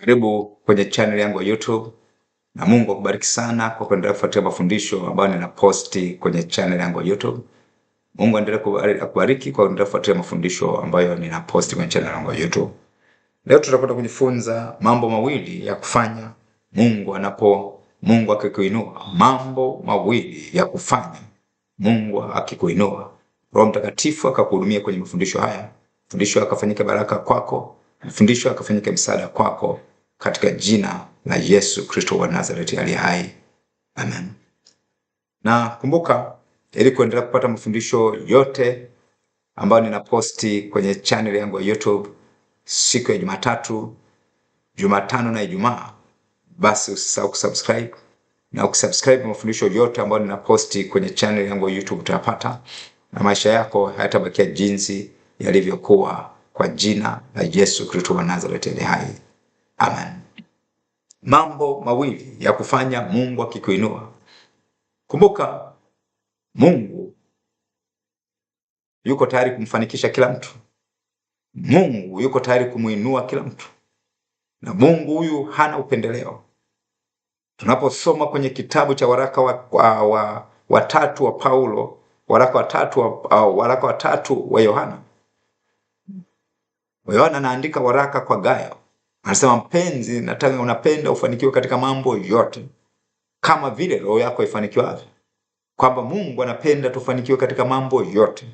Karibu kwenye channel yangu ya YouTube na Mungu akubariki sana kwa kuendelea kufuatilia mafundisho ambayo ninaposti kwenye channel yangu ya YouTube. Mungu aendelee kubariki kwa kuendelea kufuatilia mafundisho ambayo ninaposti kwenye channel yangu ya YouTube. Leo tutakwenda kujifunza mambo mawili ya kufanya Mungu anapo Mungu akikuinua, mambo mawili ya kufanya Mungu akikuinua. Roho Mtakatifu akakuhudumia kwenye mafundisho haya, mafundisho akafanyike baraka kwako, mafundisho akafanyike msaada kwako katika jina la Yesu Kristo wa Nazareti aliye hai. Amen. Na kumbuka, ili kuendelea kupata mafundisho yote ambayo ninaposti kwenye channel yangu ya YouTube siku ya Jumatatu, Jumatano na Ijumaa, basi usisahau kusubscribe na ukisubscribe mafundisho yote ambayo ninaposti kwenye channel yangu ya YouTube utayapata, na maisha yako hayatabakia jinsi yalivyokuwa, kwa jina la Yesu Kristo wa Nazareti aliye hai. Amen. Mambo mawili ya kufanya Mungu akikuinua. Kumbuka, Mungu yuko tayari kumfanikisha kila mtu. Mungu yuko tayari kumuinua kila mtu, na Mungu huyu hana upendeleo. Tunaposoma kwenye kitabu cha waraka watatu wa, wa, wa, wa Paulo, waraka watatu wa, waraka tatu wa Yohana, Yohana anaandika waraka kwa Gayo Anasema mpenzi, nataka unapenda ufanikiwe katika mambo yote kama vile roho yako ifanikiwavyo, kwamba Mungu anapenda tufanikiwe katika mambo yote.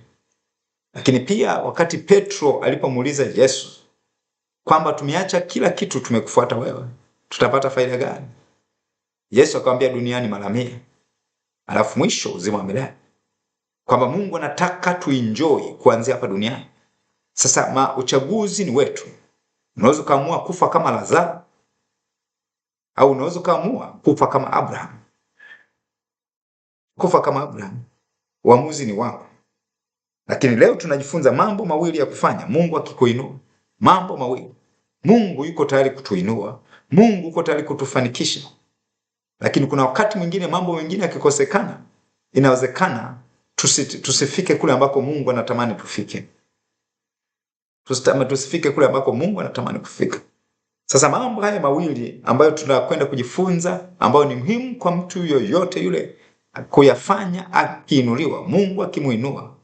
Lakini pia wakati Petro alipomuuliza Yesu kwamba tumeacha kila kitu tumekufuata wewe, tutapata faida gani? Yesu akamwambia duniani mara mia, alafu mwisho uzima wa milele, kwamba Mungu anataka tuenjoy kuanzia hapa duniani. Sasa ma uchaguzi ni wetu. Unaweza ukaamua kufa kama Lazaro au unaweza ukaamua kufa kama Abraham. Kufa kama Abraham, uamuzi ni wako. Lakini leo tunajifunza mambo mawili ya kufanya Mungu akikuinua. Mambo mawili, Mungu yuko tayari kutuinua, Mungu yuko tayari kutufanikisha. Lakini kuna wakati mwingine mambo mengine yakikosekana, inawezekana tusi, tusifike kule ambako Mungu anatamani tufike. Tusitame tusifike kule ambako Mungu anatamani kufika. Sasa mambo haya mawili ambayo tunakwenda kujifunza, ambayo ni muhimu kwa mtu yoyote yule kuyafanya akiinuliwa, Mungu akimuinua,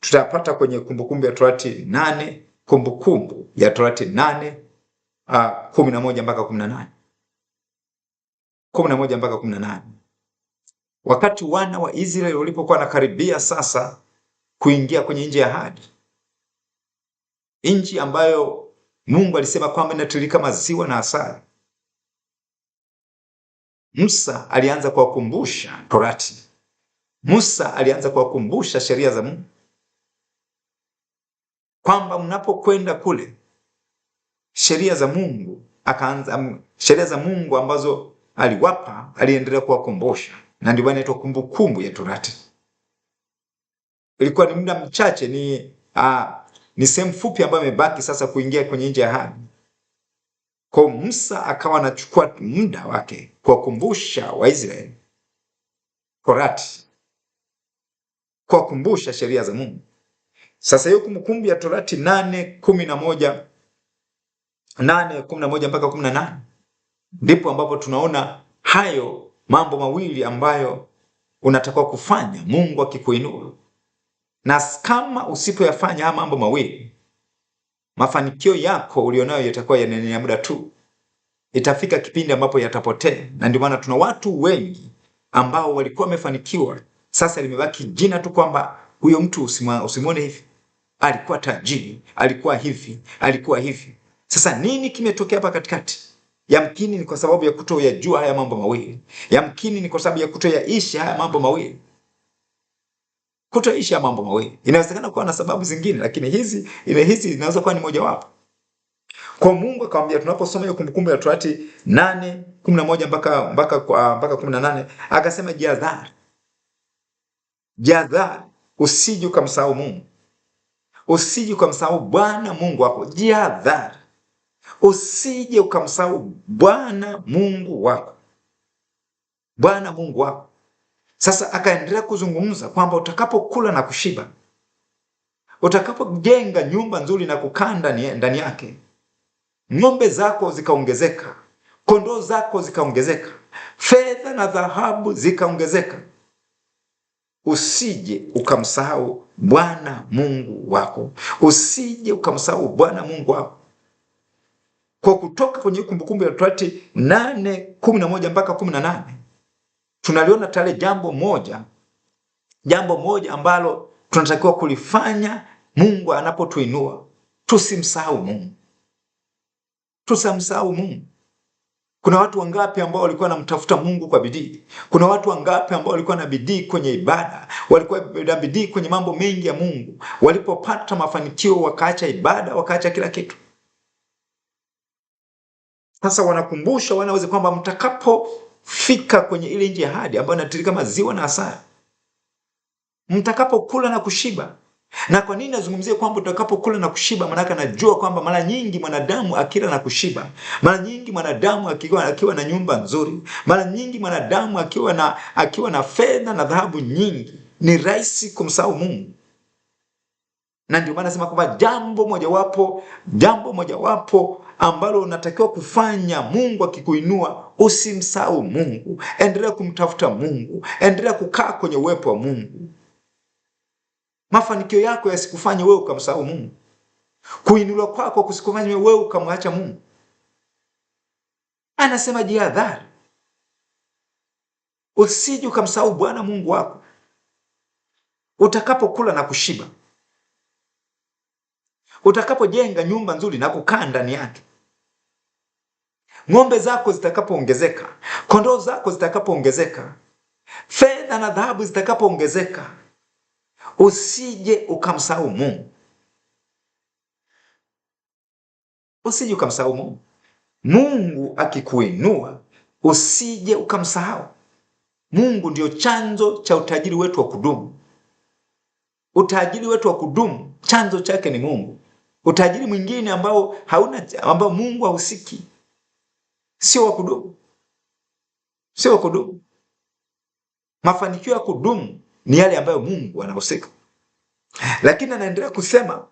tutapata kwenye Kumbukumbu ya Torati nane, Kumbukumbu ya Torati nane ah, kumi na moja mpaka kumi na nane kumi na moja mpaka kumi na nane wakati wana wa Israeli walipokuwa wanakaribia sasa kuingia kwenye nchi ya ahadi nchi ambayo Mungu alisema kwamba inatiririka maziwa na asali. Musa alianza kuwakumbusha Torati. Musa alianza kuwakumbusha sheria za Mungu, kwamba mnapokwenda kule sheria za Mungu akaanza sheria za Mungu ambazo aliwapa, aliendelea kuwakumbusha, na ndio inaitwa kumbukumbu ya Torati. Ilikuwa ni muda mchache ni ah, ni sehemu fupi ambayo imebaki sasa kuingia kwenye nje ya ahadi. Kwa Musa akawa anachukua muda wake kuwakumbusha Waisraeli Torati, kuwakumbusha sheria za Mungu. Sasa hiyo Kumbukumbu ya Torati nane kumi na moja nane kumi na moja mpaka kumi na nane ndipo ambapo tunaona hayo mambo mawili ambayo unatakiwa kufanya Mungu akikuinua na kama usipoyafanya haya mambo mawili, mafanikio yako ulionayo yatakuwa ya muda tu. Itafika kipindi ambapo yatapotea, na ndio maana tuna watu wengi ambao walikuwa wamefanikiwa, sasa limebaki jina tu kwamba huyo mtu usimwone hivi, alikuwa tajiri, alikuwa hivi, alikuwa hivi. Sasa nini kimetokea hapa katikati? Yamkini ni kwa sababu ya kutoyajua haya mambo mawili, yamkini ni kwa sababu ya kutoyaishi haya mambo mawili kutoishi ya mambo mawili. Inawezekana kuwa na sababu zingine, lakini hizi ile hizi zinaweza kuwa ni moja wapo. Kwa Mungu akamwambia, tunaposoma hiyo Kumbukumbu ya Torati 8:11 mpaka mpaka kwa mpaka 18, akasema jihadhari, jihadhari usije ukamsahau Mungu, usije ukamsahau Bwana Mungu wako. Jihadhari usije ukamsahau Bwana Mungu wako, Bwana Mungu wako sasa akaendelea kuzungumza kwamba utakapokula na kushiba, utakapojenga nyumba nzuri na kukaa ndani yake, ng'ombe zako zikaongezeka, kondoo zako zikaongezeka, fedha na dhahabu zikaongezeka, usije ukamsahau Bwana Mungu wako, usije ukamsahau Bwana Mungu wako. Kwa kutoka kwenye Kumbukumbu ya Torati nane kumi na moja mpaka kumi na nane tunaliona tale jambo moja, jambo moja ambalo tunatakiwa kulifanya Mungu anapotuinua. Tusimsahau Mungu, tusamsahau Mungu. Kuna watu wangapi ambao walikuwa wanamtafuta Mungu kwa bidii? Kuna watu wangapi ambao walikuwa na bidii kwenye ibada, walikuwa na bidii kwenye mambo mengi ya Mungu, walipopata mafanikio wakaacha ibada, wakaacha kila kitu. Sasa wanakumbusha wanaweze kwamba mtakapo fika kwenye ile nchi ya ahadi ambayo inatiririka maziwa na asali, mtakapokula na kushiba. Na kwa nini nazungumzia kwamba utakapokula na kushiba? Maanake najua kwamba mara nyingi mwanadamu akila na kushiba, mara nyingi mwanadamu akiwa, akiwa na nyumba nzuri, mara nyingi mwanadamu akiwa na, akiwa na fedha na dhahabu nyingi, ni rahisi kumsahau Mungu na ndio maana nasema kwamba jambo mojawapo, jambo mojawapo ambalo unatakiwa kufanya Mungu akikuinua usimsahau Mungu, endelea kumtafuta Mungu, endelea kukaa kwenye uwepo wa Mungu. Mafanikio yako yasikufanye wewe ukamsahau Mungu, kuinuliwa kwako kusikufanye wewe ukamwacha Mungu. Anasema jihadhari, usije ukamsahau Bwana Mungu wako utakapokula na kushiba, utakapojenga nyumba nzuri na kukaa ndani yake ng'ombe zako zitakapoongezeka, kondoo zako zitakapoongezeka, fedha na dhahabu zitakapoongezeka, usije ukamsahau Mungu, usije ukamsahau Mungu. Mungu akikuinua usije ukamsahau Mungu. Ndio chanzo cha utajiri wetu wa kudumu. Utajiri wetu wa kudumu chanzo chake ni Mungu. Utajiri mwingine ambao hauna ambao Mungu hahusiki sio wa kudumu, sio wa kudumu. Mafanikio ya kudumu ni yale ambayo Mungu anahusika. Lakini anaendelea kusema,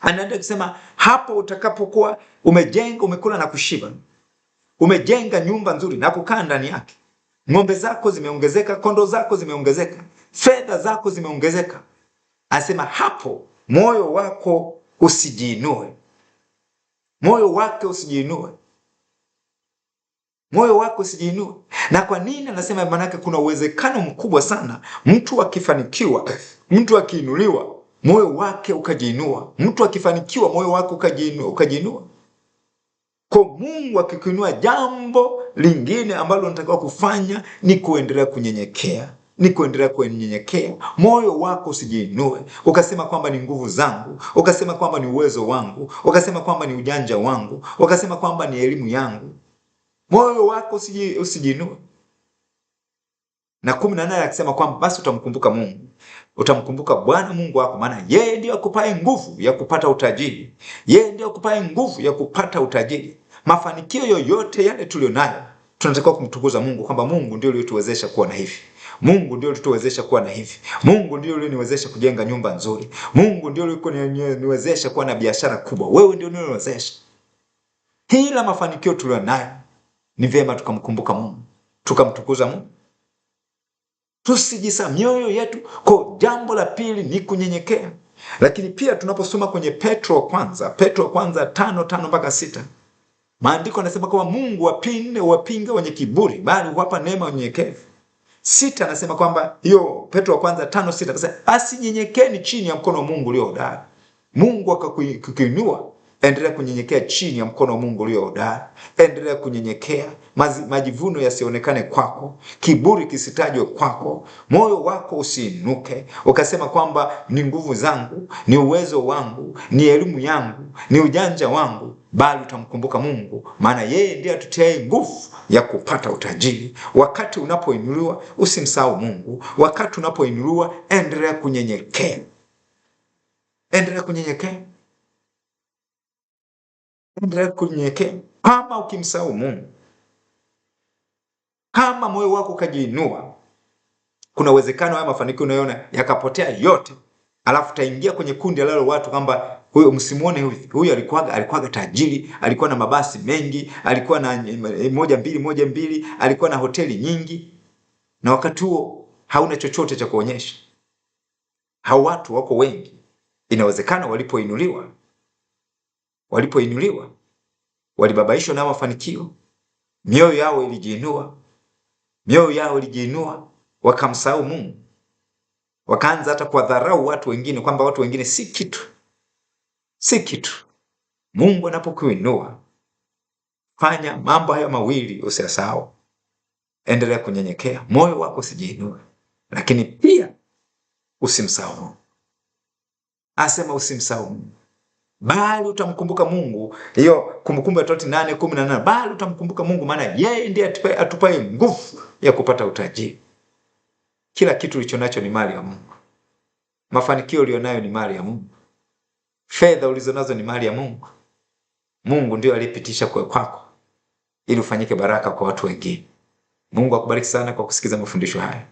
anaendelea kusema hapo utakapokuwa umejenga, umekula na kushiba, umejenga nyumba nzuri na kukaa ndani yake, ng'ombe zako zimeongezeka, kondoo zako zimeongezeka, fedha zako zimeongezeka, anasema hapo moyo wako usijiinue, moyo wake usijiinue moyo wako sijiinue. Na kwa nini anasema? Maanake kuna uwezekano mkubwa sana mtu akifanikiwa, mtu akiinuliwa, moyo wake ukajiinua. Mtu akifanikiwa, moyo wake ukajiinua, ukajiinua. Kwa Mungu akikuinua, jambo lingine ambalo unatakiwa kufanya ni kuendelea kunyenyekea ni kuendelea kunyenyekea, moyo wako usijiinue, ukasema kwamba ni nguvu zangu, ukasema kwamba ni uwezo wangu, ukasema kwamba ni ujanja wangu, ukasema kwamba ni elimu yangu moyo wako usijiinue. Na kumi na nane akisema kwamba basi utamkumbuka Mungu, utamkumbuka Bwana Mungu wako, maana yeye ndiye akupaye nguvu ya kupata utajiri, yeye ndiye akupaye nguvu ya kupata utajiri. Mafanikio yoyote yale tulionayo tunatakiwa kumtukuza Mungu kwamba Mungu ndiye uliotuwezesha kuwa na hivi. Mungu ndiye ulituwezesha kuwa na hivi. Mungu ndiye ulioniwezesha kujenga nyumba nzuri. Mungu ndiye ulioniwezesha kuwa na biashara kubwa. Wewe ndiye ulioniwezesha. Hii la mafanikio tulionayo ni vyema tukamkumbuka Mungu, tukamtukuza Mungu, tusijisa mioyo yetu. Kwa jambo la pili ni kunyenyekea, lakini pia tunaposoma kwenye Petro kwanza, Petro kwanza tano tano mpaka sita maandiko anasema kwamba Mungu wapinde wapinge wenye kiburi, bali huwapa neema unyenyekevu. Sita anasema kwamba hiyo Petro kwanza tano sita anasema asinyenyekeni chini ya mkono wa Mungu ulio hodari, Mungu akakuinua Endelea kunyenyekea chini ya mkono wa Mungu ulio hodari. Endelea kunyenyekea, majivuno yasionekane kwako, kiburi kisitajwe kwako, moyo wako usiinuke ukasema kwamba ni nguvu zangu, ni uwezo wangu, ni elimu yangu, ni ujanja wangu, bali utamkumbuka Mungu, maana yeye ndiye atutiaye nguvu ya kupata utajiri. Wakati unapoinuliwa usimsahau Mungu. Wakati unapoinuliwa endelea kunyenyekea, endelea kunyenyekea endelea kunyenyekea. Kama ukimsahau Mungu, kama moyo wako ukajiinua, kuna uwezekano haya mafanikio unayoona yakapotea yote, alafu utaingia kwenye kundi lalo watu kwamba huyo msimuone huyu, huyu alikuwaga alikuwaga tajiri, alikuwa na mabasi mengi, alikuwa na moja mbili moja mbili, alikuwa na hoteli nyingi, na wakati huo hauna chochote cha kuonyesha. Hao watu wako wengi, inawezekana walipoinuliwa walipoinuliwa walibabaishwa na mafanikio, mioyo yao ilijiinua, mioyo yao ilijiinua, wakamsahau Mungu, wakaanza hata kuwadharau watu wengine, kwamba watu wengine si kitu, si kitu. Mungu anapokuinua fanya mambo hayo mawili, usiyasahau. Endelea kunyenyekea, moyo wako usijiinue, lakini pia usimsahau Mungu. Asema usimsahau Mungu bali utamkumbuka Mungu. Hiyo Kumbukumbu ya Torati nane kumi nane bali utamkumbuka Mungu, maana yeye ndiye atupaye atupa nguvu ya kupata utajiri. Kila kitu ulicho nacho ni mali ya Mungu. Mafanikio ulionayo ni mali ya Mungu. Fedha ulizonazo ni mali ya Mungu. Mungu ndio aliyepitisha kwa kwako ili ufanyike baraka kwa watu wengine. Mungu akubariki sana kwa kusikiza mafundisho haya.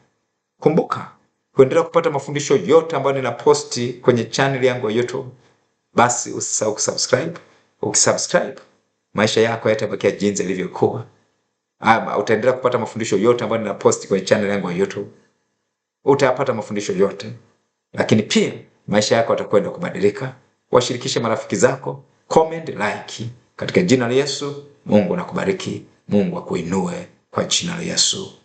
Kumbuka kuendelea kupata mafundisho yote ambayo ninaposti kwenye channel yangu ya YouTube basi usisahau kusubscribe. Ukisubscribe, maisha yako yatabakia jinsi yalivyokuwa. Ama utaendelea kupata mafundisho yote ambayo ninaposti kwenye channel yangu ya YouTube. Utayapata mafundisho yote, lakini pia maisha yako yatakwenda kubadilika. Washirikishe marafiki zako, comment, like. Katika jina la Yesu, Mungu nakubariki Mungu akuinue kwa jina la Yesu.